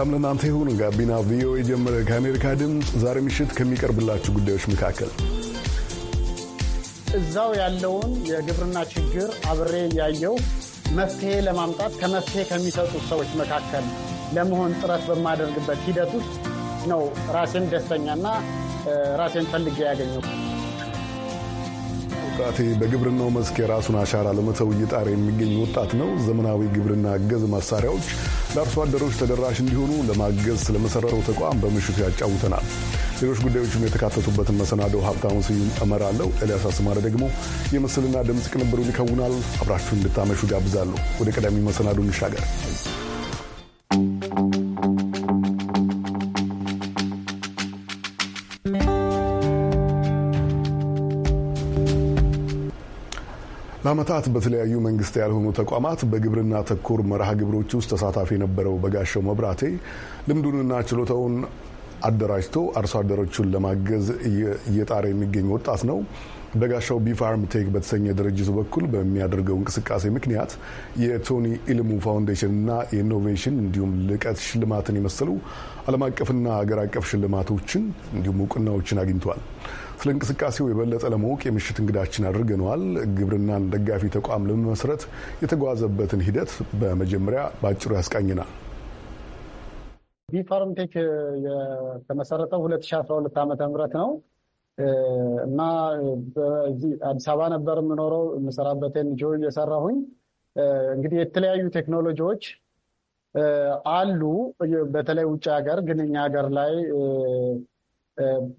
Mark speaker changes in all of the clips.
Speaker 1: ሰላም ለእናንተ ይሁን። ጋቢና ቪኦኤ ጀመረ። ከአሜሪካ ድምፅ ዛሬ ምሽት ከሚቀርብላችሁ ጉዳዮች መካከል
Speaker 2: እዛው ያለውን የግብርና ችግር አብሬ እያየው መፍትሄ ለማምጣት ከመፍትሄ ከሚሰጡት ሰዎች መካከል ለመሆን ጥረት በማደርግበት ሂደት ውስጥ ነው ራሴን ደስተኛና ራሴን ፈልጌ ያገኘው።
Speaker 1: ወጣቴ በግብርናው መስክ የራሱን አሻራ ለመተው እየጣረ የሚገኝ ወጣት ነው። ዘመናዊ ግብርና አገዝ መሳሪያዎች ለአርሶ አደሮች ተደራሽ እንዲሆኑ ለማገዝ ስለመሰረተው ተቋም በምሽቱ ያጫውተናል። ሌሎች ጉዳዮችም የተካተቱበትን መሰናዶ ሀብታሙ ስዩም እመራለሁ። ኤልያስ አስማረ ደግሞ የምስልና ድምፅ ቅንብሩን ይከውናል። አብራችሁ እንድታመሹ ጋብዛለሁ። ወደ ቀዳሚ መሰናዶ እንሻገር። ለዓመታት በተለያዩ መንግስት ያልሆኑ ተቋማት በግብርና ተኮር መርሃ ግብሮች ውስጥ ተሳታፊ የነበረው በጋሻው መብራቴ ልምዱንና ችሎታውን አደራጅቶ አርሶ አደሮቹን ለማገዝ እየጣረ የሚገኝ ወጣት ነው። በጋሻው ቢፋርም ቴክ በተሰኘ ድርጅቱ በኩል በሚያደርገው እንቅስቃሴ ምክንያት የቶኒ ኢልሙ ፋውንዴሽንና የኢኖቬሽን እንዲሁም ልቀት ሽልማትን የመሰሉ ዓለም አቀፍና አገር አቀፍ ሽልማቶችን እንዲሁም እውቅናዎችን አግኝቷል። ስለ እንቅስቃሴው የበለጠ ለማወቅ የምሽት እንግዳችን አድርገነዋል። ግብርናን ደጋፊ ተቋም ለመመስረት የተጓዘበትን ሂደት በመጀመሪያ በአጭሩ ያስቃኝናል።
Speaker 2: ቢፋርምቴክ የተመሰረተው 2012 ዓ ም ነው እና አዲስ አበባ ነበር የምኖረው የምሰራበት ጆ እየሰራሁኝ እንግዲህ የተለያዩ ቴክኖሎጂዎች አሉ። በተለይ ውጭ ሀገር ግን እኛ ሀገር ላይ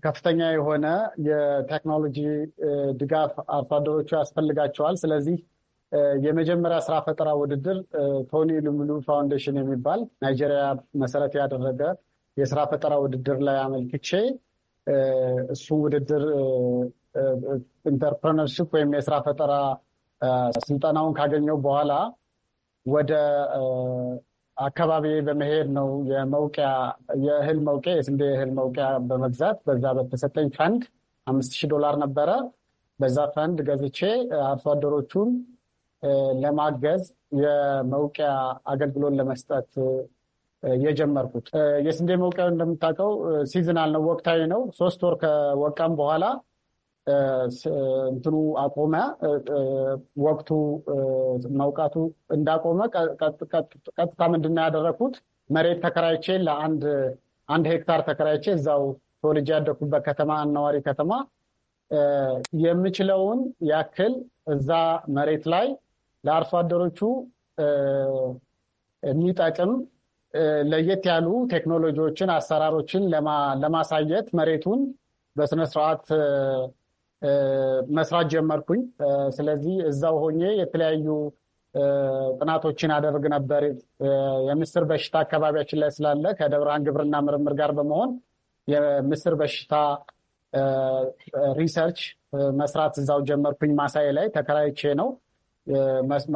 Speaker 2: ከፍተኛ የሆነ የቴክኖሎጂ ድጋፍ አርሶ አደሮቹ ያስፈልጋቸዋል። ስለዚህ የመጀመሪያ ስራ ፈጠራ ውድድር ቶኒ ሉሙሉ ፋውንዴሽን የሚባል ናይጄሪያ መሰረት ያደረገ የስራ ፈጠራ ውድድር ላይ አመልክቼ እሱ ውድድር ኢንተርፕረነርሽፕ ወይም የስራ ፈጠራ ስልጠናውን ካገኘው በኋላ ወደ አካባቢ በመሄድ ነው የመውቂያ የእህል መውቂያ የስንዴ እህል መውቂያ በመግዛት በዛ በተሰጠኝ ፈንድ አምስት ሺህ ዶላር ነበረ። በዛ ፈንድ ገዝቼ አርሶ አደሮቹን ለማገዝ የመውቂያ አገልግሎት ለመስጠት የጀመርኩት። የስንዴ መውቂያ እንደምታውቀው ሲዝናል ነው፣ ወቅታዊ ነው። ሶስት ወር ከወቃም በኋላ እንትኑ አቆመ። ወቅቱ መውቃቱ እንዳቆመ ቀጥታ ምንድን ነው ያደረኩት? መሬት ተከራይቼ ለአንድ አንድ ሄክታር ተከራይቼ እዛው ተወልጄ ያደኩበት ከተማ አነዋሪ ከተማ የምችለውን ያክል እዛ መሬት ላይ ለአርሶ አደሮቹ የሚጠቅም ለየት ያሉ ቴክኖሎጂዎችን፣ አሰራሮችን ለማሳየት መሬቱን በስነስርዓት መስራት ጀመርኩኝ። ስለዚህ እዛው ሆኜ የተለያዩ ጥናቶችን አደርግ ነበር። የምስር በሽታ አካባቢያችን ላይ ስላለ ከደብረ ግብርና ምርምር ጋር በመሆን የምስር በሽታ ሪሰርች መስራት እዛው ጀመርኩኝ። ማሳዬ ላይ ተከራይቼ ነው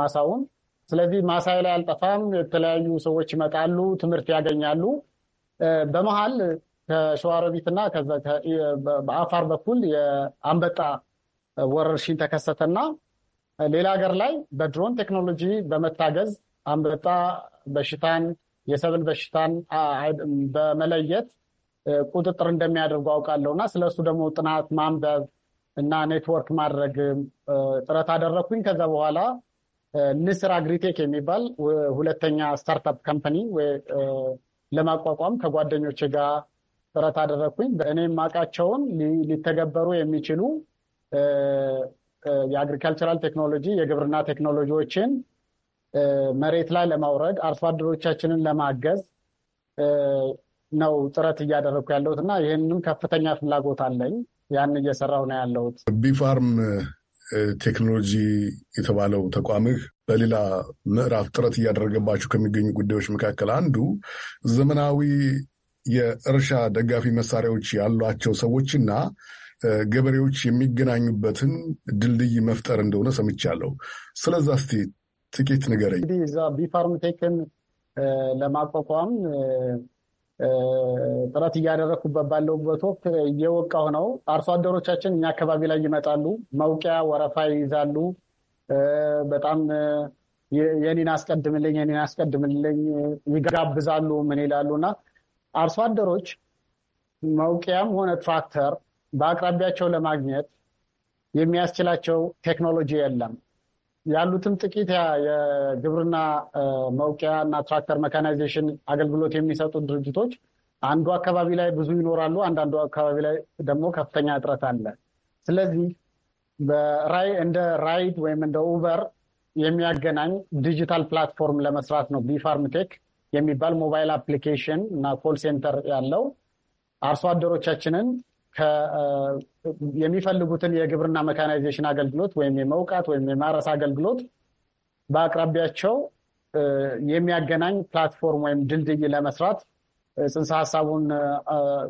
Speaker 2: ማሳውን። ስለዚህ ማሳዬ ላይ አልጠፋም። የተለያዩ ሰዎች ይመጣሉ፣ ትምህርት ያገኛሉ። በመሀል ከሸዋሮቢትና በአፋር በኩል የአንበጣ ወረርሽኝ ተከሰተና ሌላ ሀገር ላይ በድሮን ቴክኖሎጂ በመታገዝ አንበጣ በሽታን የሰብል በሽታን በመለየት ቁጥጥር እንደሚያደርጉ አውቃለሁ እና ስለሱ ደግሞ ጥናት ማንበብ እና ኔትወርክ ማድረግ ጥረት አደረግኩኝ። ከዛ በኋላ ንስር አግሪቴክ የሚባል ሁለተኛ ስታርታፕ ካምፓኒ ለማቋቋም ከጓደኞች ጋር ጥረት አደረግኩኝ። እኔ የማውቃቸውን ሊተገበሩ የሚችሉ የአግሪካልቸራል ቴክኖሎጂ የግብርና ቴክኖሎጂዎችን መሬት ላይ ለማውረድ አርሶ አደሮቻችንን ለማገዝ ነው ጥረት እያደረግኩ ያለሁት እና ይህንም ከፍተኛ ፍላጎት አለኝ። ያን እየሰራሁ ነው ያለሁት።
Speaker 1: ቢፋርም ቴክኖሎጂ የተባለው ተቋምህ በሌላ ምዕራፍ ጥረት እያደረገባቸው ከሚገኙ ጉዳዮች መካከል አንዱ ዘመናዊ የእርሻ ደጋፊ መሳሪያዎች ያሏቸው ሰዎችና ገበሬዎች የሚገናኙበትን ድልድይ መፍጠር እንደሆነ ሰምቻለሁ። ስለዛ እስቲ ጥቂት ንገረኝ።
Speaker 2: እንግዲህ እዛ ቢፋርም ቴክን ለማቋቋም ጥረት እያደረግኩበት ባለውበት ወቅት እየወቃሁ ነው። አርሶ አደሮቻችን እኛ አካባቢ ላይ ይመጣሉ፣ መውቂያ ወረፋ ይይዛሉ። በጣም የኔን አስቀድምልኝ፣ የኔን አስቀድምልኝ ይጋብዛሉ። ምን ይላሉ እና አርሶ አደሮች መውቂያም ሆነ ትራክተር በአቅራቢያቸው ለማግኘት የሚያስችላቸው ቴክኖሎጂ የለም። ያሉትም ጥቂት የግብርና መውቂያ እና ትራክተር መካናይዜሽን አገልግሎት የሚሰጡ ድርጅቶች አንዱ አካባቢ ላይ ብዙ ይኖራሉ፣ አንዳንዱ አካባቢ ላይ ደግሞ ከፍተኛ እጥረት አለ። ስለዚህ እንደ ራይድ ወይም እንደ ኡበር የሚያገናኝ ዲጂታል ፕላትፎርም ለመስራት ነው ቢፋርምቴክ የሚባል ሞባይል አፕሊኬሽን እና ኮል ሴንተር ያለው አርሶ አደሮቻችንን የሚፈልጉትን የግብርና መካናይዜሽን አገልግሎት ወይም የመውቃት ወይም የማረስ አገልግሎት በአቅራቢያቸው የሚያገናኝ ፕላትፎርም ወይም ድልድይ ለመስራት ጽንሰ ሀሳቡን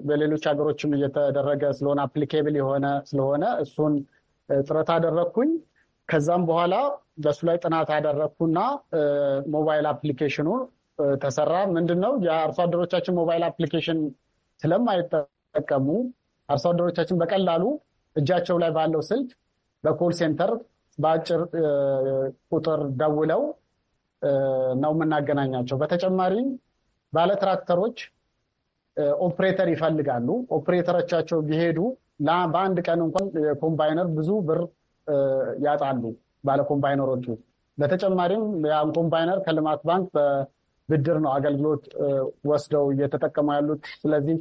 Speaker 2: በሌሎች ሀገሮችም እየተደረገ ስለሆነ አፕሊኬብል የሆነ ስለሆነ እሱን ጥረት አደረግኩኝ። ከዛም በኋላ በእሱ ላይ ጥናት አደረግኩና ሞባይል አፕሊኬሽኑ ተሰራ። ምንድን ነው የአርሶ አደሮቻችን ሞባይል አፕሊኬሽን ስለማይጠቀሙ አርሶ አደሮቻችን በቀላሉ እጃቸው ላይ ባለው ስልክ በኮል ሴንተር በአጭር ቁጥር ደውለው ነው የምናገናኛቸው። በተጨማሪም ባለ ትራክተሮች ኦፕሬተር ይፈልጋሉ። ኦፕሬተሮቻቸው ቢሄዱ በአንድ ቀን እንኳን የኮምባይነር ብዙ ብር ያጣሉ ባለ ኮምባይነሮቹ። በተጨማሪም ያን ኮምባይነር ከልማት ባንክ ብድር ነው አገልግሎት ወስደው እየተጠቀሙ ያሉት። ስለዚህ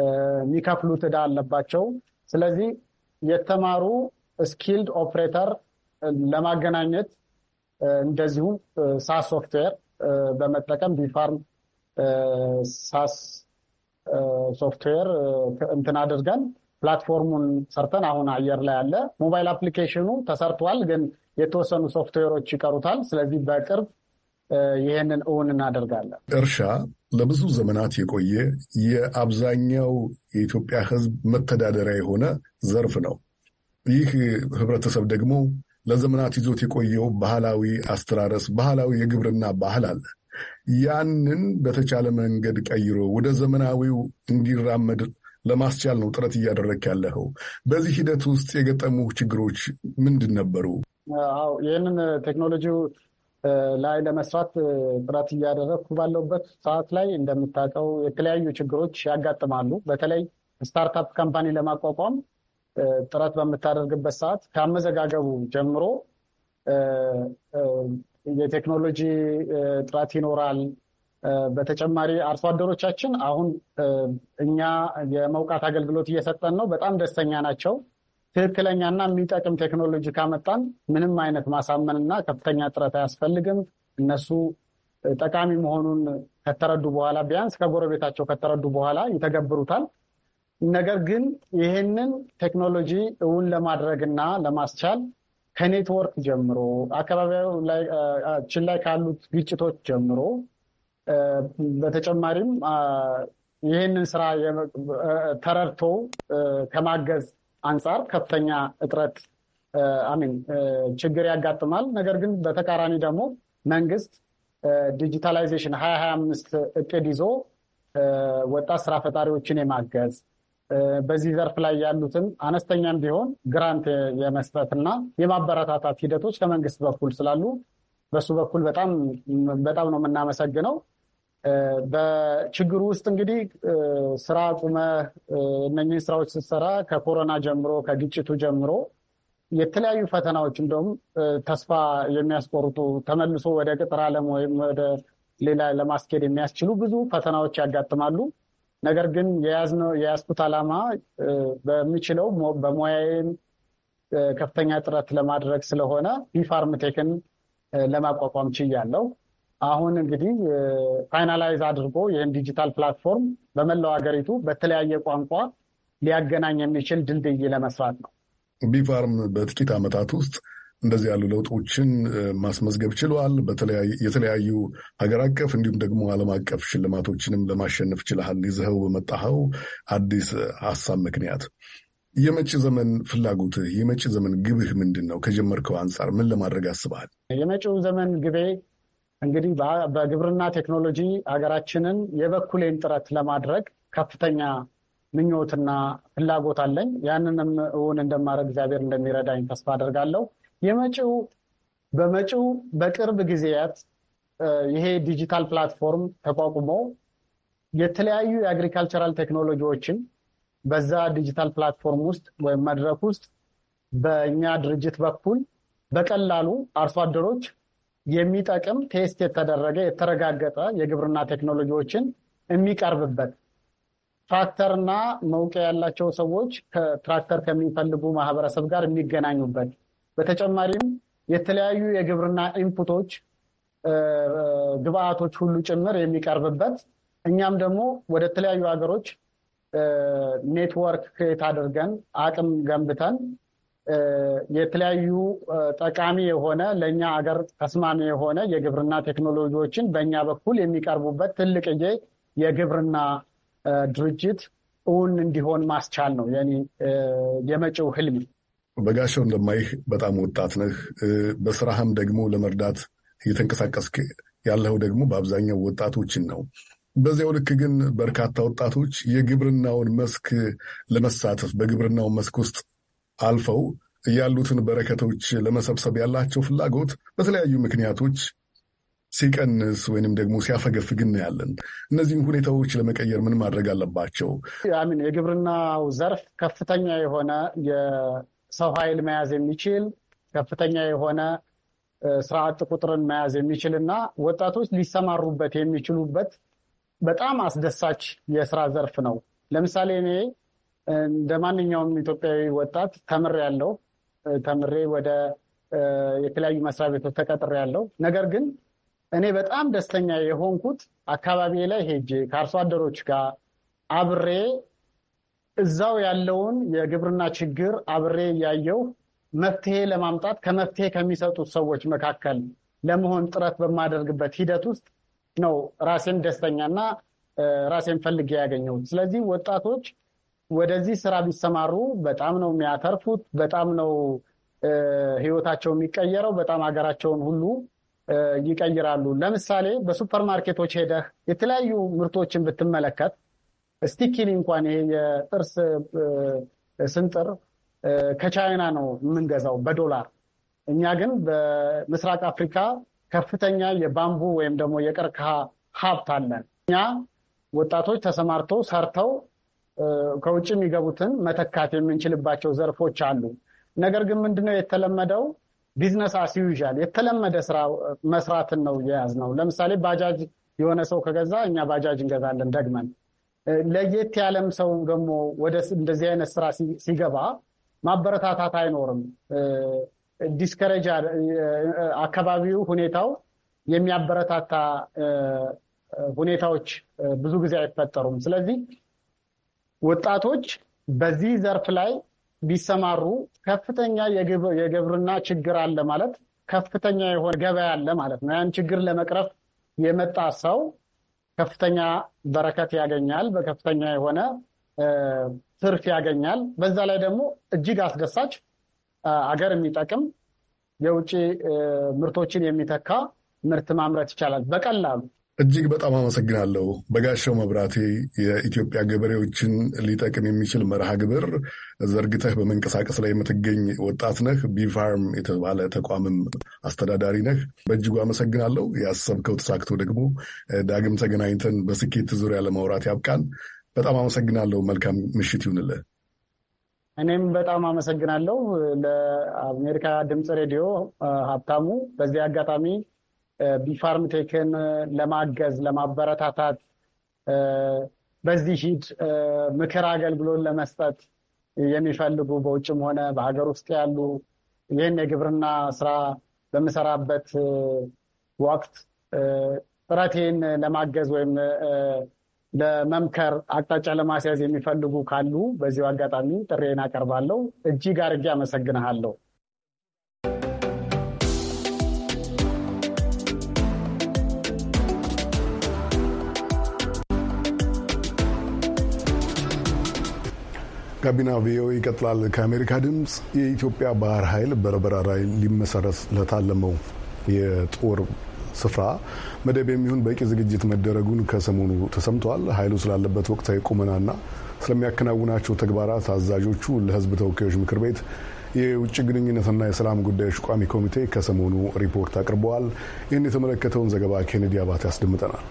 Speaker 2: የሚከፍሉት ዕዳ አለባቸው። ስለዚህ የተማሩ ስኪልድ ኦፕሬተር ለማገናኘት እንደዚሁም ሳስ ሶፍትዌር በመጠቀም ቢፋርም ሳስ ሶፍትዌር እንትን አድርገን ፕላትፎርሙን ሰርተን አሁን አየር ላይ ያለ ሞባይል አፕሊኬሽኑ ተሰርቷል፣ ግን የተወሰኑ ሶፍትዌሮች ይቀሩታል። ስለዚህ በቅርብ ይህንን እውን እናደርጋለን።
Speaker 1: እርሻ ለብዙ ዘመናት የቆየ የአብዛኛው የኢትዮጵያ ሕዝብ መተዳደሪያ የሆነ ዘርፍ ነው። ይህ ህብረተሰብ ደግሞ ለዘመናት ይዞት የቆየው ባህላዊ አስተራረስ፣ ባህላዊ የግብርና ባህል አለ። ያንን በተቻለ መንገድ ቀይሮ ወደ ዘመናዊው እንዲራመድ ለማስቻል ነው ጥረት እያደረግ ያለኸው። በዚህ ሂደት ውስጥ የገጠሙ ችግሮች ምንድን ነበሩ?
Speaker 2: ይህንን ቴክኖሎጂው ላይ ለመስራት ጥረት እያደረግኩ ባለውበት ሰዓት ላይ እንደምታውቀው የተለያዩ ችግሮች ያጋጥማሉ። በተለይ ስታርታፕ ካምፓኒ ለማቋቋም ጥረት በምታደርግበት ሰዓት ከአመዘጋገቡ ጀምሮ የቴክኖሎጂ ጥረት ይኖራል። በተጨማሪ አርሶ አደሮቻችን አሁን እኛ የመውቃት አገልግሎት እየሰጠን ነው፣ በጣም ደስተኛ ናቸው። ትክክለኛና የሚጠቅም ቴክኖሎጂ ካመጣን ምንም አይነት ማሳመንና ከፍተኛ ጥረት አያስፈልግም። እነሱ ጠቃሚ መሆኑን ከተረዱ በኋላ ቢያንስ ከጎረቤታቸው ከተረዱ በኋላ ይተገብሩታል። ነገር ግን ይህንን ቴክኖሎጂ እውን ለማድረግና ለማስቻል ከኔትወርክ ጀምሮ አካባቢያችን ላይ ካሉት ግጭቶች ጀምሮ በተጨማሪም ይህንን ስራ ተረድቶ ከማገዝ አንጻር ከፍተኛ እጥረት አሚን ችግር ያጋጥማል። ነገር ግን በተቃራኒ ደግሞ መንግስት ዲጂታላይዜሽን ሀያ ሀያ አምስት እቅድ ይዞ ወጣት ስራ ፈጣሪዎችን የማገዝ በዚህ ዘርፍ ላይ ያሉትን አነስተኛም ቢሆን ግራንት የመስጠትና የማበረታታት ሂደቶች ከመንግስት በኩል ስላሉ በሱ በኩል በጣም በጣም ነው የምናመሰግነው። በችግሩ ውስጥ እንግዲህ ስራ ቁመህ እነኝህን ስራዎች ስትሰራ ከኮሮና ጀምሮ ከግጭቱ ጀምሮ የተለያዩ ፈተናዎች እንደውም ተስፋ የሚያስቆርጡ ተመልሶ ወደ ቅጥር ዓለም ወይም ወደ ሌላ ለማስኬድ የሚያስችሉ ብዙ ፈተናዎች ያጋጥማሉ። ነገር ግን የያዝኩት ዓላማ በሚችለው በሙያዬም ከፍተኛ ጥረት ለማድረግ ስለሆነ ቢፋርምቴክን ለማቋቋም ችያለሁ። አሁን እንግዲህ ፋይናላይዝ አድርጎ ይህን ዲጂታል ፕላትፎርም በመላው ሀገሪቱ በተለያየ ቋንቋ ሊያገናኝ የሚችል ድልድይ ለመስራት ነው።
Speaker 1: ቢፋርም በጥቂት ዓመታት ውስጥ እንደዚህ ያሉ ለውጦችን ማስመዝገብ ችሏል። የተለያዩ ሀገር አቀፍ እንዲሁም ደግሞ ዓለም አቀፍ ሽልማቶችንም ለማሸነፍ ችልሃል። ይዘኸው በመጣኸው አዲስ ሀሳብ ምክንያት የመጪ ዘመን ፍላጎትህ፣ የመጪ ዘመን ግብህ ምንድን ነው? ከጀመርከው አንጻር ምን ለማድረግ አስበሃል?
Speaker 2: የመጪው ዘመን ግቤ እንግዲህ በግብርና ቴክኖሎጂ ሀገራችንን የበኩሌን ጥረት ለማድረግ ከፍተኛ ምኞትና ፍላጎት አለኝ። ያንንም እውን እንደማድረግ እግዚአብሔር እንደሚረዳኝ ተስፋ አደርጋለሁ። የመጪው በመጪው በቅርብ ጊዜያት ይሄ ዲጂታል ፕላትፎርም ተቋቁሞ የተለያዩ የአግሪካልቸራል ቴክኖሎጂዎችን በዛ ዲጂታል ፕላትፎርም ውስጥ ወይም መድረክ ውስጥ በእኛ ድርጅት በኩል በቀላሉ አርሶ አደሮች የሚጠቅም ቴስት የተደረገ የተረጋገጠ የግብርና ቴክኖሎጂዎችን የሚቀርብበት ትራክተርና መውቂያ ያላቸው ሰዎች ትራክተር ከሚፈልጉ ማህበረሰብ ጋር የሚገናኙበት በተጨማሪም የተለያዩ የግብርና ኢንፑቶች ግብአቶች ሁሉ ጭምር የሚቀርብበት እኛም ደግሞ ወደ ተለያዩ ሀገሮች ኔትወርክ ክሬት አድርገን አቅም ገንብተን የተለያዩ ጠቃሚ የሆነ ለእኛ አገር ተስማሚ የሆነ የግብርና ቴክኖሎጂዎችን በእኛ በኩል የሚቀርቡበት ትልቅዬ የግብርና ድርጅት እውን እንዲሆን ማስቻል ነው የኔ የመጪው ህልም።
Speaker 1: በጋሻው እንደማይህ በጣም ወጣት ነህ። በስራህም ደግሞ ለመርዳት እየተንቀሳቀስክ ያለው ደግሞ በአብዛኛው ወጣቶችን ነው። በዚያው ልክ ግን በርካታ ወጣቶች የግብርናውን መስክ ለመሳተፍ በግብርናው መስክ ውስጥ አልፈው ያሉትን በረከቶች ለመሰብሰብ ያላቸው ፍላጎት በተለያዩ ምክንያቶች ሲቀንስ ወይንም ደግሞ ሲያፈገፍግ እናያለን። እነዚህም ሁኔታዎች ለመቀየር ምን ማድረግ አለባቸው?
Speaker 2: አሚን የግብርናው ዘርፍ ከፍተኛ የሆነ የሰው ኃይል መያዝ የሚችል ከፍተኛ የሆነ ስርዓት ቁጥርን መያዝ የሚችል እና ወጣቶች ሊሰማሩበት የሚችሉበት በጣም አስደሳች የስራ ዘርፍ ነው። ለምሳሌ እኔ እንደ ማንኛውም ኢትዮጵያዊ ወጣት ተምሬ ያለው ተምሬ ወደ የተለያዩ መስሪያ ቤቶች ተቀጥሬ ያለው ነገር ግን እኔ በጣም ደስተኛ የሆንኩት አካባቢ ላይ ሄጄ ከአርሶ አደሮች ጋር አብሬ እዛው ያለውን የግብርና ችግር አብሬ እያየው መፍትሄ ለማምጣት ከመፍትሄ ከሚሰጡት ሰዎች መካከል ለመሆን ጥረት በማደርግበት ሂደት ውስጥ ነው ራሴን ደስተኛና ራሴን ፈልጌ ያገኘሁት። ስለዚህ ወጣቶች ወደዚህ ስራ ቢሰማሩ በጣም ነው የሚያተርፉት፣ በጣም ነው ህይወታቸው የሚቀየረው፣ በጣም ሀገራቸውን ሁሉ ይቀይራሉ። ለምሳሌ በሱፐር ማርኬቶች ሄደህ የተለያዩ ምርቶችን ብትመለከት ስቲኪኒ እንኳን ይሄ የጥርስ ስንጥር ከቻይና ነው የምንገዛው በዶላር። እኛ ግን በምስራቅ አፍሪካ ከፍተኛ የባምቡ ወይም ደግሞ የቀርከሃ ሀብት አለን። እኛ ወጣቶች ተሰማርተው ሰርተው ከውጭ የሚገቡትን መተካት የምንችልባቸው ዘርፎች አሉ። ነገር ግን ምንድነው የተለመደው ቢዝነስ አስዩዣል የተለመደ ስራ መስራትን ነው ነው። ለምሳሌ ባጃጅ የሆነ ሰው ከገዛ እኛ ባጃጅ እንገዛለን ደግመን። ለየት ያለም ሰው ደግሞ ወደ እንደዚህ አይነት ስራ ሲገባ ማበረታታት አይኖርም። ዲስከሬጅ አካባቢው ሁኔታው የሚያበረታታ ሁኔታዎች ብዙ ጊዜ አይፈጠሩም። ስለዚህ ወጣቶች በዚህ ዘርፍ ላይ ቢሰማሩ ከፍተኛ የግብርና ችግር አለ ማለት ከፍተኛ የሆነ ገበያ አለ ማለት ነው። ያን ችግር ለመቅረፍ የመጣ ሰው ከፍተኛ በረከት ያገኛል፣ በከፍተኛ የሆነ ትርፍ ያገኛል። በዛ ላይ ደግሞ እጅግ አስደሳች አገር የሚጠቅም የውጭ ምርቶችን የሚተካ ምርት ማምረት ይቻላል በቀላሉ
Speaker 1: እጅግ በጣም አመሰግናለሁ በጋሻው መብራቴ። የኢትዮጵያ ገበሬዎችን ሊጠቅም የሚችል መርሃ ግብር ዘርግተህ በመንቀሳቀስ ላይ የምትገኝ ወጣት ነህ። ቢፋርም የተባለ ተቋምም አስተዳዳሪ ነህ። በእጅጉ አመሰግናለሁ። ያሰብከው ተሳክቶ ደግሞ ዳግም ተገናኝተን በስኬት ዙሪያ ለማውራት ያብቃን። በጣም አመሰግናለሁ። መልካም ምሽት ይሁንልህ።
Speaker 2: እኔም በጣም አመሰግናለሁ ለአሜሪካ ድምፅ ሬዲዮ ሀብታሙ በዚህ አጋጣሚ ቴክን ለማገዝ ለማበረታታት በዚህ ሂድ ምክር አገልግሎት ለመስጠት የሚፈልጉ በውጭም ሆነ በሀገር ውስጥ ያሉ ይህን የግብርና ስራ በምሰራበት ወቅት ጥረቴን ለማገዝ ወይም ለመምከር አቅጣጫ ለማስያዝ የሚፈልጉ ካሉ በዚሁ አጋጣሚ ጥሬን አቀርባለሁ። እጅግ አድርጌ አመሰግንሃለሁ።
Speaker 1: ጋቢና ቪኦኤ ይቀጥላል። ከአሜሪካ ድምፅ የኢትዮጵያ ባህር ኃይል በርበራ ላይ ሊመሰረት ለታለመው የጦር ስፍራ መደብ የሚሆን በቂ ዝግጅት መደረጉን ከሰሞኑ ተሰምተዋል። ኃይሉ ስላለበት ወቅታዊ ቁመናና ስለሚያከናውናቸው ተግባራት አዛዦቹ ለሕዝብ ተወካዮች ምክር ቤት የውጭ ግንኙነትና የሰላም ጉዳዮች ቋሚ ኮሚቴ ከሰሞኑ ሪፖርት አቅርበዋል። ይህን የተመለከተውን ዘገባ ኬኔዲ አባት ያስደምጠናል።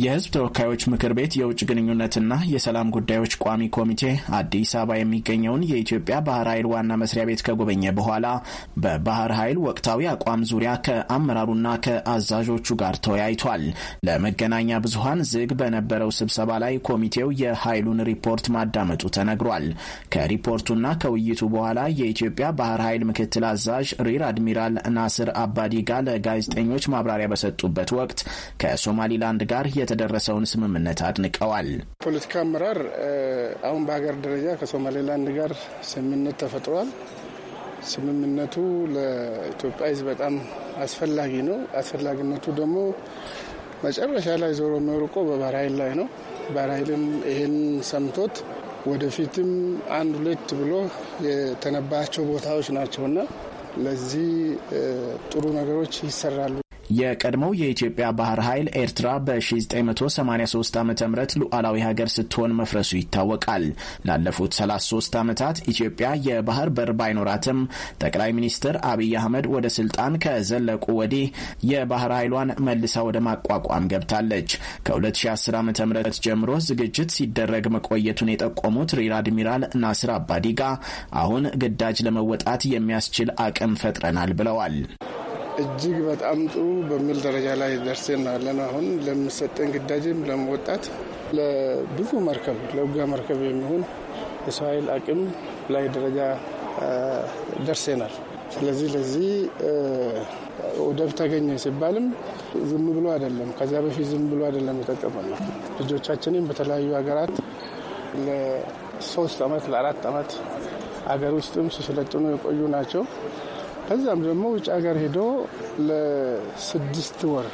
Speaker 3: የህዝብ ተወካዮች ምክር ቤት የውጭ ግንኙነትና የሰላም ጉዳዮች ቋሚ ኮሚቴ አዲስ አበባ የሚገኘውን የኢትዮጵያ ባህር ኃይል ዋና መስሪያ ቤት ከጎበኘ በኋላ በባህር ኃይል ወቅታዊ አቋም ዙሪያ ከአመራሩና ከአዛዦቹ ጋር ተወያይቷል። ለመገናኛ ብዙኃን ዝግ በነበረው ስብሰባ ላይ ኮሚቴው የኃይሉን ሪፖርት ማዳመጡ ተነግሯል። ከሪፖርቱና ከውይይቱ በኋላ የኢትዮጵያ ባህር ኃይል ምክትል አዛዥ ሪር አድሚራል ናስር አባዲ ለጋዜጠኞች ማብራሪያ በሰጡበት ወቅት ከሶማሊላንድ ጋር የተደረሰውን ስምምነት አድንቀዋል።
Speaker 4: ፖለቲካ አመራር አሁን በሀገር ደረጃ ከሶማሌላንድ ጋር ስምምነት ተፈጥሯል። ስምምነቱ ለኢትዮጵያ ሕዝብ በጣም አስፈላጊ ነው። አስፈላጊነቱ ደግሞ መጨረሻ ላይ ዞሮ የሚወርቆ በባህር ኃይል ላይ ነው። ባህር ኃይልም ይህን ሰምቶት ወደፊትም አንድ ሁለት ብሎ የተነባቸው ቦታዎች ናቸውና ለዚህ ጥሩ ነገሮች ይሰራሉ።
Speaker 3: የቀድሞው የኢትዮጵያ ባህር ኃይል ኤርትራ በ1983 ዓ ም ሉዓላዊ ሀገር ስትሆን መፍረሱ ይታወቃል። ላለፉት 33 ዓመታት ኢትዮጵያ የባህር በር ባይኖራትም ጠቅላይ ሚኒስትር አብይ አህመድ ወደ ስልጣን ከዘለቁ ወዲህ የባህር ኃይሏን መልሳ ወደ ማቋቋም ገብታለች። ከ2010 ዓ ም ጀምሮ ዝግጅት ሲደረግ መቆየቱን የጠቆሙት ሪር አድሚራል ናስር አባዲጋ አሁን ግዳጅ ለመወጣት የሚያስችል አቅም ፈጥረናል ብለዋል።
Speaker 4: እጅግ በጣም ጥሩ በሚል ደረጃ ላይ ደርሴ አለን። አሁን ለሚሰጠን ግዳጅም ለመወጣት ለብዙ መርከብ ለውጋ መርከብ የሚሆን የሰው ኃይል አቅም ላይ ደረጃ ደርሴናል። ስለዚህ ለዚህ ወደብ ተገኘ ሲባልም ዝም ብሎ አይደለም፣ ከዚያ በፊት ዝም ብሎ አይደለም የጠቀመነው። ልጆቻችንም በተለያዩ ሀገራት ለሶስት አመት ለአራት አመት ሀገር ውስጥም ሲሰለጥኑ የቆዩ ናቸው። ከዚያም ደግሞ ውጭ ሀገር ሄዶ ለስድስት ወር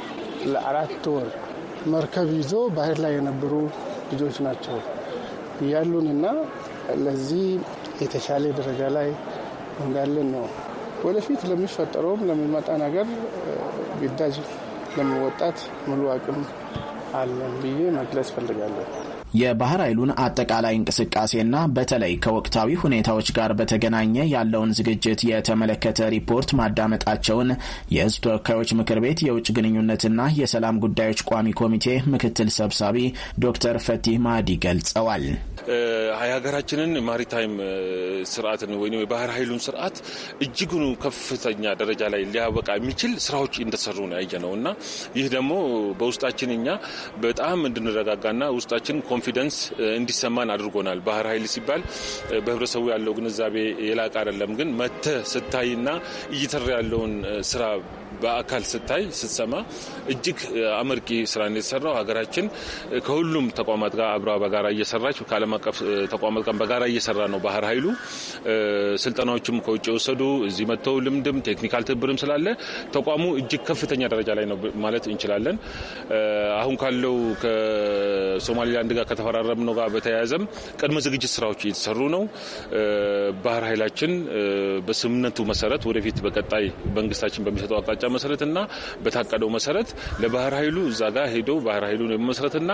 Speaker 4: ለአራት ወር መርከብ ይዞ ባህር ላይ የነበሩ ልጆች ናቸው ያሉንና ለዚህ የተሻለ ደረጃ ላይ እንዳለን ነው። ወደፊት ለሚፈጠረውም ለሚመጣ ነገር ግዳጅ ለመወጣት ሙሉ አቅም አለን ብዬ መግለጽ ፈልጋለሁ።
Speaker 3: የባህር ኃይሉን አጠቃላይ እንቅስቃሴና በተለይ ከወቅታዊ ሁኔታዎች ጋር በተገናኘ ያለውን ዝግጅት የተመለከተ ሪፖርት ማዳመጣቸውን የህዝብ ተወካዮች ምክር ቤት የውጭ ግንኙነትና የሰላም ጉዳዮች ቋሚ ኮሚቴ ምክትል ሰብሳቢ ዶክተር ፈቲህ ማህዲ ገልጸዋል።
Speaker 5: የሀገራችንን ማሪታይም ስርዓትን ወይም የባህር ኃይሉን ስርዓት እጅግኑ ከፍተኛ ደረጃ ላይ ሊያበቃ የሚችል ስራዎች እንደሰሩ ነው ያየ ነው እና ይህ ደግሞ በውስጣችን እኛ በጣም እንድንረጋጋና ውስጣችን ኮንፊደንስ እንዲሰማን አድርጎናል። ባህር ኃይል ሲባል በህብረተሰቡ ያለው ግንዛቤ የላቀ አይደለም፣ ግን መተህ ስታይና እየተራ ያለውን ስራ በአካል ስታይ ስትሰማ እጅግ አመርቂ ስራ የተሰራው ሀገራችን ከሁሉም ተቋማት ጋር አብራ በጋራ እየሰራች ከዓለም አቀፍ ተቋማት ጋር በጋራ እየሰራ ነው። ባህር ኃይሉ ስልጠናዎችም ከውጭ የወሰዱ እዚህ መጥተው ልምድም ቴክኒካል ትብብርም ስላለ ተቋሙ እጅግ ከፍተኛ ደረጃ ላይ ነው ማለት እንችላለን። አሁን ካለው ከሶማሌላንድ ጋር ከተፈራረምነው ጋር በተያያዘም ቅድመ ዝግጅት ስራዎች እየተሰሩ ነው። ባህር ኃይላችን በስምምነቱ መሰረት ወደፊት በቀጣይ መንግስታችን በሚሰጠው አቅጣጫ መሰረትና በታቀደው መሰረት ለባህር ኃይሉ እዛ ጋር ሄዶ ባህር ኃይሉን የመመስረትና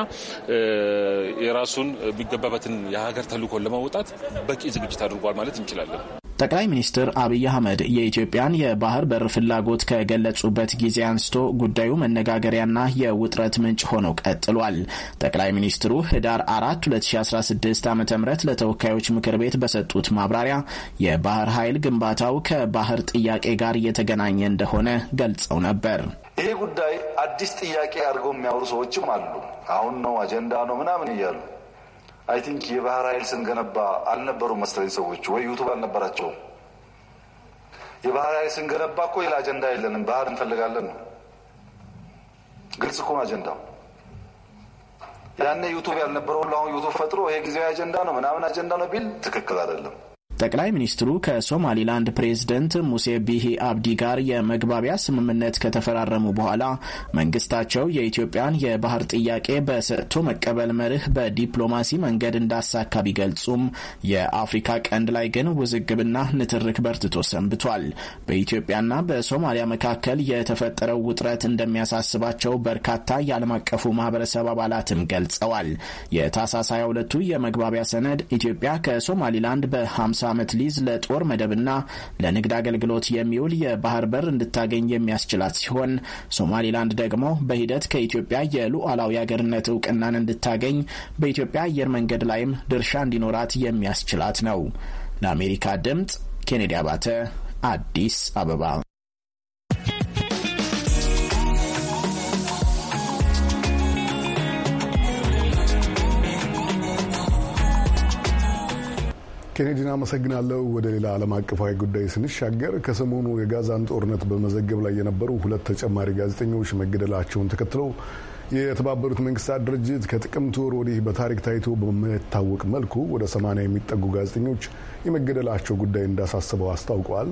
Speaker 5: የራሱን የሚገባበትን የሀገር ተልእኮን ለማውጣት በቂ ዝግጅት አድርጓል ማለት እንችላለን።
Speaker 3: ጠቅላይ ሚኒስትር አብይ አህመድ የኢትዮጵያን የባህር በር ፍላጎት ከገለጹበት ጊዜ አንስቶ ጉዳዩ መነጋገሪያና የውጥረት ምንጭ ሆኖ ቀጥሏል። ጠቅላይ ሚኒስትሩ ህዳር 4 2016 ዓ ም ለተወካዮች ምክር ቤት በሰጡት ማብራሪያ የባህር ኃይል ግንባታው ከባህር ጥያቄ ጋር እየተገናኘ እንደሆነ ገልጸው ነበር።
Speaker 5: ይህ ጉዳይ አዲስ ጥያቄ አድርገው የሚያወሩ ሰዎችም አሉ። አሁን ነው አጀንዳ ነው ምናምን እያሉ አይ ቲንክ የባህር ኃይል ስንገነባ አልነበሩም መሰለኝ ሰዎች ወይ ዩቱብ አልነበራቸውም። የባህር ኃይል ስንገነባ እኮ ሌላ አጀንዳ የለንም፣ ባህር እንፈልጋለን ነው። ግልጽ እኮ አጀንዳው። ያኔ ዩቱብ ያልነበረ ሁሉ አሁን ዩቱብ ፈጥሮ ይሄ ጊዜያዊ አጀንዳ ነው ምናምን አጀንዳ ነው ቢል ትክክል አይደለም።
Speaker 3: ጠቅላይ ሚኒስትሩ ከሶማሊላንድ ፕሬዝደንት ሙሴ ቢሂ አብዲ ጋር የመግባቢያ ስምምነት ከተፈራረሙ በኋላ መንግስታቸው የኢትዮጵያን የባህር ጥያቄ በሰጥቶ መቀበል መርህ በዲፕሎማሲ መንገድ እንዳሳካ ቢገልጹም የአፍሪካ ቀንድ ላይ ግን ውዝግብና ንትርክ በርትቶ ሰንብቷል። በኢትዮጵያና በሶማሊያ መካከል የተፈጠረው ውጥረት እንደሚያሳስባቸው በርካታ የዓለም አቀፉ ማህበረሰብ አባላትም ገልጸዋል። የታህሳስ 22ቱ የመግባቢያ ሰነድ ኢትዮጵያ ከሶማሊላንድ በ ዓመት ሊዝ ለጦር መደብና ለንግድ አገልግሎት የሚውል የባህር በር እንድታገኝ የሚያስችላት ሲሆን ሶማሊላንድ ደግሞ በሂደት ከኢትዮጵያ የሉዓላዊ አገርነት እውቅናን እንድታገኝ በኢትዮጵያ አየር መንገድ ላይም ድርሻ እንዲኖራት የሚያስችላት ነው። ለአሜሪካ ድምጽ ኬኔዲ አባተ አዲስ አበባ
Speaker 1: ኬኔዲን አመሰግናለሁ። ወደ ሌላ ዓለም አቀፋዊ ጉዳይ ስንሻገር ከሰሞኑ የጋዛን ጦርነት በመዘገብ ላይ የነበሩ ሁለት ተጨማሪ ጋዜጠኞች መገደላቸውን ተከትለው የተባበሩት መንግስታት ድርጅት ከጥቅምት ወር ወዲህ በታሪክ ታይቶ በማይታወቅ መልኩ ወደ ሰማንያ የሚጠጉ ጋዜጠኞች የመገደላቸው ጉዳይ እንዳሳስበው አስታውቋል።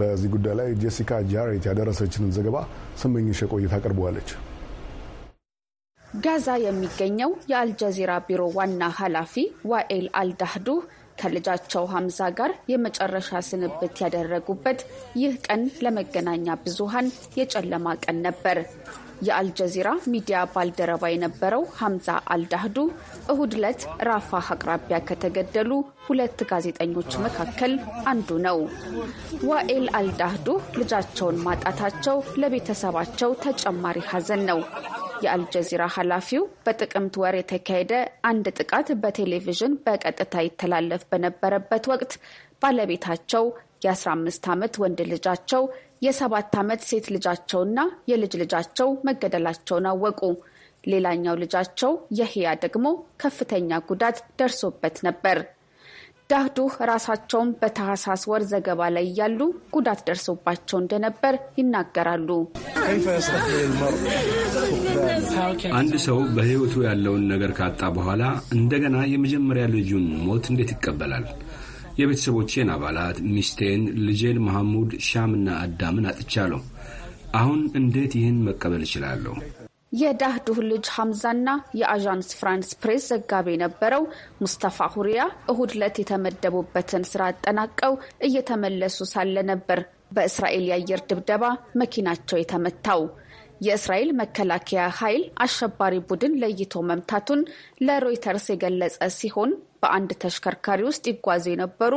Speaker 1: በዚህ ጉዳይ ላይ ጄሲካ ጃሬት ያደረሰችንን ዘገባ ስመኝሽ ቆይታ አቅርበዋለች።
Speaker 6: ጋዛ የሚገኘው የአልጀዚራ ቢሮ ዋና ኃላፊ ዋኤል አልዳህዱ ከልጃቸው ሀምዛ ጋር የመጨረሻ ስንብት ያደረጉበት ይህ ቀን ለመገናኛ ብዙሃን የጨለማ ቀን ነበር። የአልጀዚራ ሚዲያ ባልደረባ የነበረው ሀምዛ አልዳህዱ እሁድ ዕለት ራፋህ አቅራቢያ ከተገደሉ ሁለት ጋዜጠኞች መካከል አንዱ ነው። ዋኤል አልዳህዱ ልጃቸውን ማጣታቸው ለቤተሰባቸው ተጨማሪ ሀዘን ነው። የአልጀዚራ ኃላፊው በጥቅምት ወር የተካሄደ አንድ ጥቃት በቴሌቪዥን በቀጥታ ይተላለፍ በነበረበት ወቅት ባለቤታቸው የ15 ዓመት ወንድ ልጃቸው፣ የሰባት ዓመት ሴት ልጃቸውና የልጅ ልጃቸው መገደላቸውን አወቁ። ሌላኛው ልጃቸው የህያ ደግሞ ከፍተኛ ጉዳት ደርሶበት ነበር። ዳህዱህ ራሳቸውን በታህሳስ ወር ዘገባ ላይ እያሉ ጉዳት ደርሶባቸው እንደነበር ይናገራሉ።
Speaker 1: አንድ ሰው በሕይወቱ ያለውን ነገር ካጣ በኋላ እንደገና የመጀመሪያ ልጁን ሞት እንዴት ይቀበላል? የቤተሰቦቼን አባላት፣ ሚስቴን፣ ልጄን መሐሙድ፣ ሻምና አዳምን አጥቻለሁ። አሁን እንዴት ይህን መቀበል እችላለሁ?
Speaker 6: የዳህ ድሁ ልጅ ሐምዛና የአዣንስ ፍራንስ ፕሬስ ዘጋቢ የነበረው ሙስተፋ ሁሪያ እሁድ ዕለት የተመደቡበትን ስራ አጠናቀው እየተመለሱ ሳለ ነበር በእስራኤል የአየር ድብደባ መኪናቸው የተመታው። የእስራኤል መከላከያ ኃይል አሸባሪ ቡድን ለይቶ መምታቱን ለሮይተርስ የገለጸ ሲሆን በአንድ ተሽከርካሪ ውስጥ ይጓዙ የነበሩ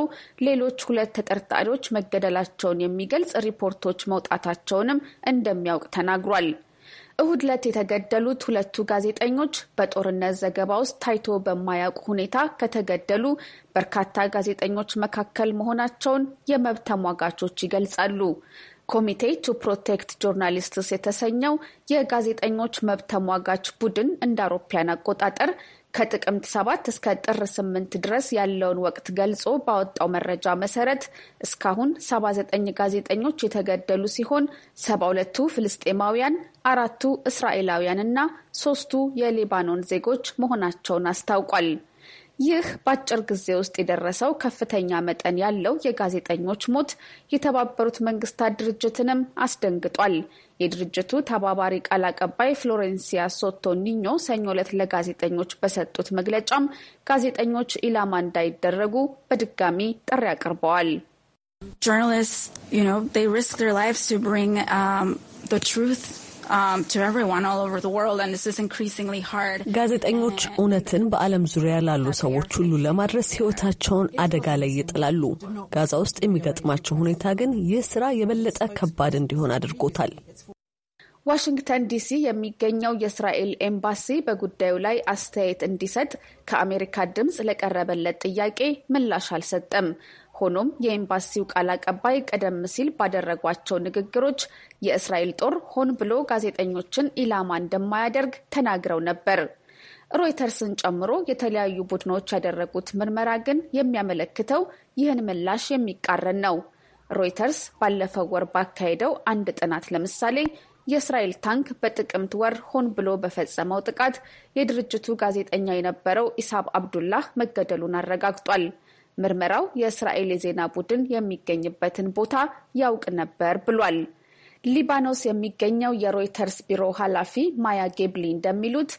Speaker 6: ሌሎች ሁለት ተጠርጣሪዎች መገደላቸውን የሚገልጽ ሪፖርቶች መውጣታቸውንም እንደሚያውቅ ተናግሯል። እሁድ ዕለት የተገደሉት ሁለቱ ጋዜጠኞች በጦርነት ዘገባ ውስጥ ታይቶ በማያውቅ ሁኔታ ከተገደሉ በርካታ ጋዜጠኞች መካከል መሆናቸውን የመብት ተሟጋቾች ይገልጻሉ። ኮሚቴ ቱ ፕሮቴክት ጆርናሊስትስ የተሰኘው የጋዜጠኞች መብት ተሟጋች ቡድን እንደ አውሮፓያን አቆጣጠር ከጥቅምት 7 እስከ ጥር 8 ድረስ ያለውን ወቅት ገልጾ ባወጣው መረጃ መሰረት እስካሁን 79 ጋዜጠኞች የተገደሉ ሲሆን 72ቱ ፍልስጤማውያን፣ አራቱ እስራኤላውያን እና ሶስቱ የሊባኖን ዜጎች መሆናቸውን አስታውቋል። ይህ በአጭር ጊዜ ውስጥ የደረሰው ከፍተኛ መጠን ያለው የጋዜጠኞች ሞት የተባበሩት መንግስታት ድርጅትንም አስደንግጧል። የድርጅቱ ተባባሪ ቃል አቀባይ ፍሎሬንሲያ ሶቶ ኒኞ ሰኞ ዕለት ለጋዜጠኞች በሰጡት መግለጫም ጋዜጠኞች ኢላማ እንዳይደረጉ በድጋሚ ጥሪ አቅርበዋል። ጆርናሊስት ሪስክ ላይቭስ ቱ ብሪንግ ዘ Um, ጋዜጠኞች እውነትን በዓለም ዙሪያ
Speaker 7: ላሉ ሰዎች ሁሉ ለማድረስ ሕይወታቸውን አደጋ ላይ ይጥላሉ። ጋዛ ውስጥ የሚገጥማቸው ሁኔታ ግን ይህ ስራ የበለጠ ከባድ እንዲሆን አድርጎታል።
Speaker 6: ዋሽንግተን ዲሲ የሚገኘው የእስራኤል ኤምባሲ በጉዳዩ ላይ አስተያየት እንዲሰጥ ከአሜሪካ ድምፅ ለቀረበለት ጥያቄ ምላሽ አልሰጠም። ሆኖም የኤምባሲው ቃል አቀባይ ቀደም ሲል ባደረጓቸው ንግግሮች የእስራኤል ጦር ሆን ብሎ ጋዜጠኞችን ኢላማ እንደማያደርግ ተናግረው ነበር። ሮይተርስን ጨምሮ የተለያዩ ቡድኖች ያደረጉት ምርመራ ግን የሚያመለክተው ይህን ምላሽ የሚቃረን ነው። ሮይተርስ ባለፈው ወር ባካሄደው አንድ ጥናት ለምሳሌ የእስራኤል ታንክ በጥቅምት ወር ሆን ብሎ በፈጸመው ጥቃት የድርጅቱ ጋዜጠኛ የነበረው ኢሳብ አብዱላህ መገደሉን አረጋግጧል። ምርመራው የእስራኤል የዜና ቡድን የሚገኝበትን ቦታ ያውቅ ነበር ብሏል። ሊባኖስ የሚገኘው የሮይተርስ ቢሮ ኃላፊ ማያ ጌብሊ እንደሚሉት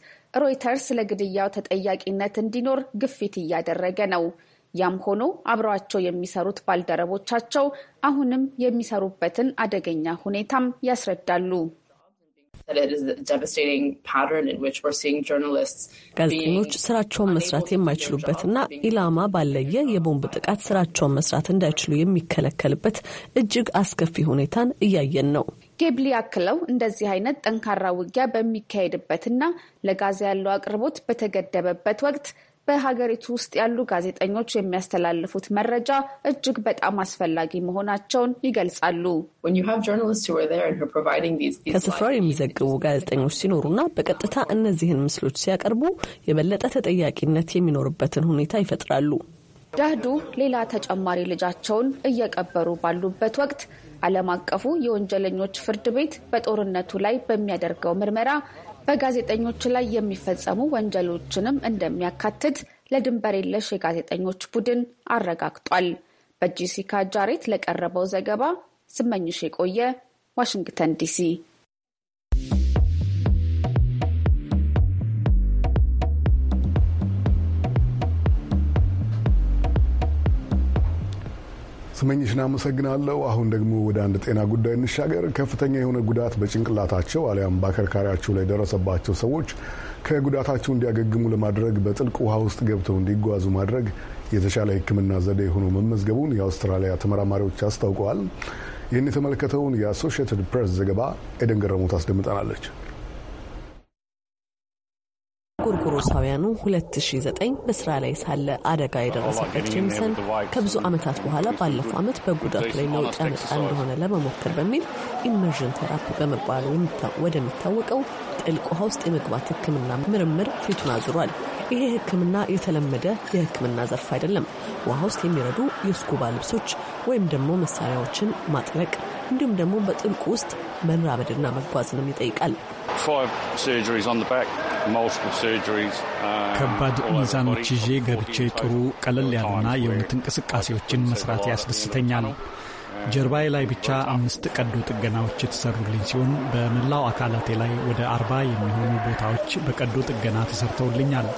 Speaker 6: ሮይተርስ ለግድያው ተጠያቂነት እንዲኖር ግፊት እያደረገ ነው። ያም ሆኖ አብረዋቸው የሚሰሩት ባልደረቦቻቸው አሁንም የሚሰሩበትን አደገኛ ሁኔታም ያስረዳሉ። ጋዜጠኞች ስራቸውን መስራት
Speaker 7: የማይችሉበትና ኢላማ ባለየ የቦምብ ጥቃት ስራቸውን መስራት እንዳይችሉ የሚከለከልበት እጅግ አስከፊ ሁኔታን እያየን ነው።
Speaker 6: ጌብሊ አክለው እንደዚህ አይነት ጠንካራ ውጊያ በሚካሄድበትና ለጋዛ ያለው አቅርቦት በተገደበበት ወቅት በሀገሪቱ ውስጥ ያሉ ጋዜጠኞች የሚያስተላልፉት መረጃ እጅግ በጣም አስፈላጊ መሆናቸውን ይገልጻሉ። ከስፍራው
Speaker 7: የሚዘግቡ ጋዜጠኞች ሲኖሩና በቀጥታ እነዚህን ምስሎች ሲያቀርቡ የበለጠ ተጠያቂነት የሚኖርበትን ሁኔታ ይፈጥራሉ።
Speaker 6: ዳህዱ ሌላ ተጨማሪ ልጃቸውን እየቀበሩ ባሉበት ወቅት ዓለም አቀፉ የወንጀለኞች ፍርድ ቤት በጦርነቱ ላይ በሚያደርገው ምርመራ በጋዜጠኞች ላይ የሚፈጸሙ ወንጀሎችንም እንደሚያካትት ለድንበር የለሽ የጋዜጠኞች ቡድን አረጋግጧል። በጄሲካ ጃሬት ለቀረበው ዘገባ ስመኝሽ የቆየ ዋሽንግተን ዲሲ
Speaker 1: ስመኝሽን አመሰግናለሁ። አሁን ደግሞ ወደ አንድ ጤና ጉዳይ እንሻገር። ከፍተኛ የሆነ ጉዳት በጭንቅላታቸው አሊያም በአከርካሪያቸው ላይ ደረሰባቸው ሰዎች ከጉዳታቸው እንዲያገግሙ ለማድረግ በጥልቅ ውሃ ውስጥ ገብተው እንዲጓዙ ማድረግ የተሻለ ሕክምና ዘዴ ሆኖ መመዝገቡን የአውስትራሊያ ተመራማሪዎች አስታውቀዋል። ይህን የተመለከተውን የአሶሽየትድ ፕሬስ ዘገባ ኤደን ገረሞት አስደምጠናለች።
Speaker 7: ጎርጎሮሳውያኑ 2009 በስራ ላይ ሳለ አደጋ የደረሰበት ጄምሰን ከብዙ ዓመታት በኋላ ባለፈው ዓመት በጉዳቱ ላይ ለውጥ ያመጣ እንደሆነ ለመሞከር በሚል ኢመርዥን ቴራፒ በመባሉ ወደሚታወቀው ጥልቅ ውሃ ውስጥ የመግባት ሕክምና ምርምር ፊቱን አዙሯል። ይሄ ሕክምና የተለመደ የሕክምና ዘርፍ አይደለም። ውሃ ውስጥ የሚረዱ የስኩባ ልብሶች ወይም ደግሞ መሳሪያዎችን ማጥለቅ እንዲሁም ደግሞ በጥልቁ ውስጥ መራመድና መጓዝንም ይጠይቃል።
Speaker 5: uh, ከባድ ሚዛኖች ይዤ ገብቼ
Speaker 2: ጥሩ ቀለል ያሉና የእውነት እንቅስቃሴዎችን መስራት ያስደስተኛል። ጀርባዬ ላይ uh, ብቻ አምስት ቀዶ ጥገናዎች የተሰሩልኝ ሲሆን በመላው አካላቴ ላይ ወደ አርባ የሚሆኑ ቦታዎች በቀዶ ጥገና ተሰርተውልኛል።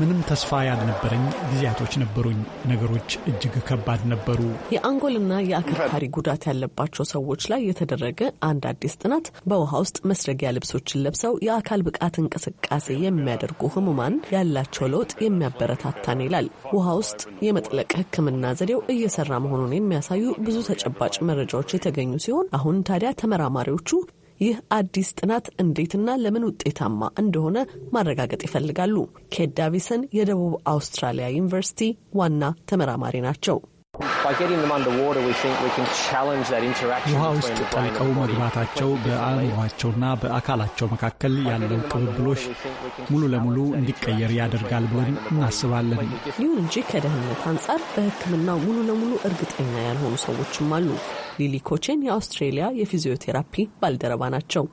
Speaker 2: ምንም ተስፋ ያልነበረኝ ጊዜያቶች ነበሩኝ። ነገሮች እጅግ ከባድ ነበሩ።
Speaker 7: የአንጎልና የአከርካሪ ጉዳት ያለባቸው ሰዎች ላይ የተደረገ አንድ አዲስ ጥናት በውሃ ውስጥ መስረጊያ ልብሶችን ለብሰው የአካል ብቃት እንቅስቃሴ የሚያደርጉ ህሙማን ያላቸው ለውጥ የሚያበረታታን ይላል። ውሃ ውስጥ የመጥለቅ ሕክምና ዘዴው እየሰራ መሆኑን የሚያሳዩ ብዙ ተጨባጭ መረጃዎች የተገኙ ሲሆን አሁን ታዲያ ተመራማሪዎቹ ይህ አዲስ ጥናት እንዴትና ለምን ውጤታማ እንደሆነ ማረጋገጥ ይፈልጋሉ። ኬት ዳቪሰን የደቡብ አውስትራሊያ ዩኒቨርሲቲ ዋና ተመራማሪ ናቸው። ውሃ ውስጥ ጠልቀው
Speaker 2: መግባታቸው በአእምሯቸውና በአካላቸው መካከል ያለው ቅብብሎሽ ሙሉ ለሙሉ እንዲቀየር ያደርጋል ብለን እናስባለን።
Speaker 7: ይሁን እንጂ ከደህንነት አንጻር በሕክምናው ሙሉ ለሙሉ እርግጠኛ ያልሆኑ ሰዎችም አሉ። ሊሊ ኮቼን የአውስትሬሊያ የፊዚዮቴራፒ ባልደረባ ናቸው።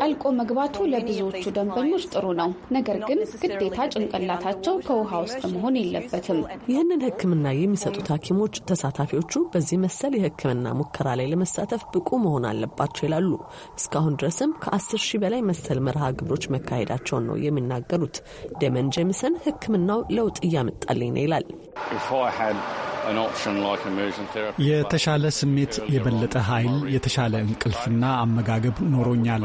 Speaker 6: ጠልቆ መግባቱ ለብዙዎቹ ደንበኞች ጥሩ ነው። ነገር ግን ግዴታ ጭንቅላታቸው ከውሃ ውስጥ መሆን የለበትም።
Speaker 7: ይህንን ሕክምና የሚሰጡት ሐኪሞች ተሳታፊዎቹ በዚህ መሰል የሕክምና ሙከራ ላይ ለመሳተፍ ብቁ መሆን አለባቸው ይላሉ። እስካሁን ድረስም ከአስር ሺህ በላይ መሰል መርሃ ግብሮች መካሄዳቸውን ነው የሚናገሩት። ደመን ጄምሰን ሕክምናው ለውጥ እያመጣልኝ ነው ይላል።
Speaker 5: የተሻለ
Speaker 2: ስሜት፣ የበለጠ ኃይል፣ የተሻለ እንቅልፍ ድጋፍና አመጋገብ ኖሮኛል።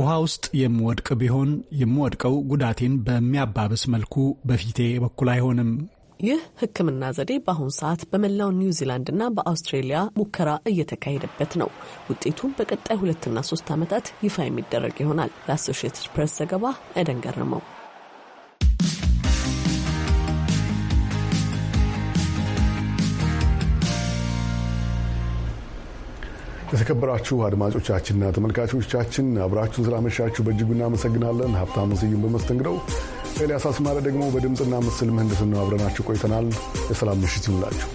Speaker 2: ውሃ ውስጥ የምወድቅ ቢሆን የምወድቀው ጉዳቴን በሚያባብስ መልኩ በፊቴ በኩል አይሆንም።
Speaker 7: ይህ ሕክምና ዘዴ በአሁኑ ሰዓት በመላው ኒውዚላንድ እና በአውስትሬሊያ ሙከራ እየተካሄደበት ነው። ውጤቱም በቀጣይ ሁለትና ሶስት ዓመታት ይፋ የሚደረግ ይሆናል። ለአሶሺየትድ ፕሬስ ዘገባ ኤደን ገረመው።
Speaker 1: የተከበራችሁ አድማጮቻችንና ተመልካቾቻችን አብራችሁን ስላመሻችሁ በእጅጉ እናመሰግናለን። ሀብታሙ ስዩም በመስተንግደው፣ ኤልያስ አስማረ ደግሞ በድምፅና ምስል ምህንድስና አብረናችሁ ቆይተናል። የሰላም ምሽት ይሁንላችሁ።